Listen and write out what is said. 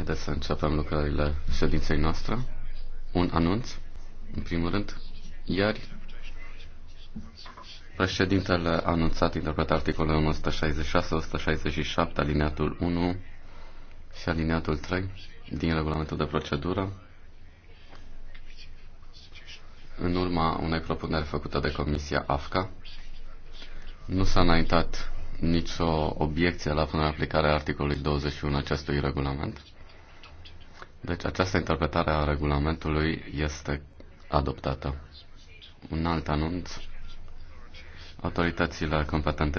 Haideți să începem lucrările ședinței noastre. Un anunț, în primul rând. Ieri, președintele a anunțat interpret articolul 166-167, alineatul 1 și alineatul 3 din regulamentul de procedură, în urma unei propuneri făcute de Comisia AFCA. Nu s-a înaintat nicio obiecție la punerea aplicare a articolului 21 acestui regulament. Deci această interpretare a regulamentului este adoptată. Un alt anunț. Autoritățile competente din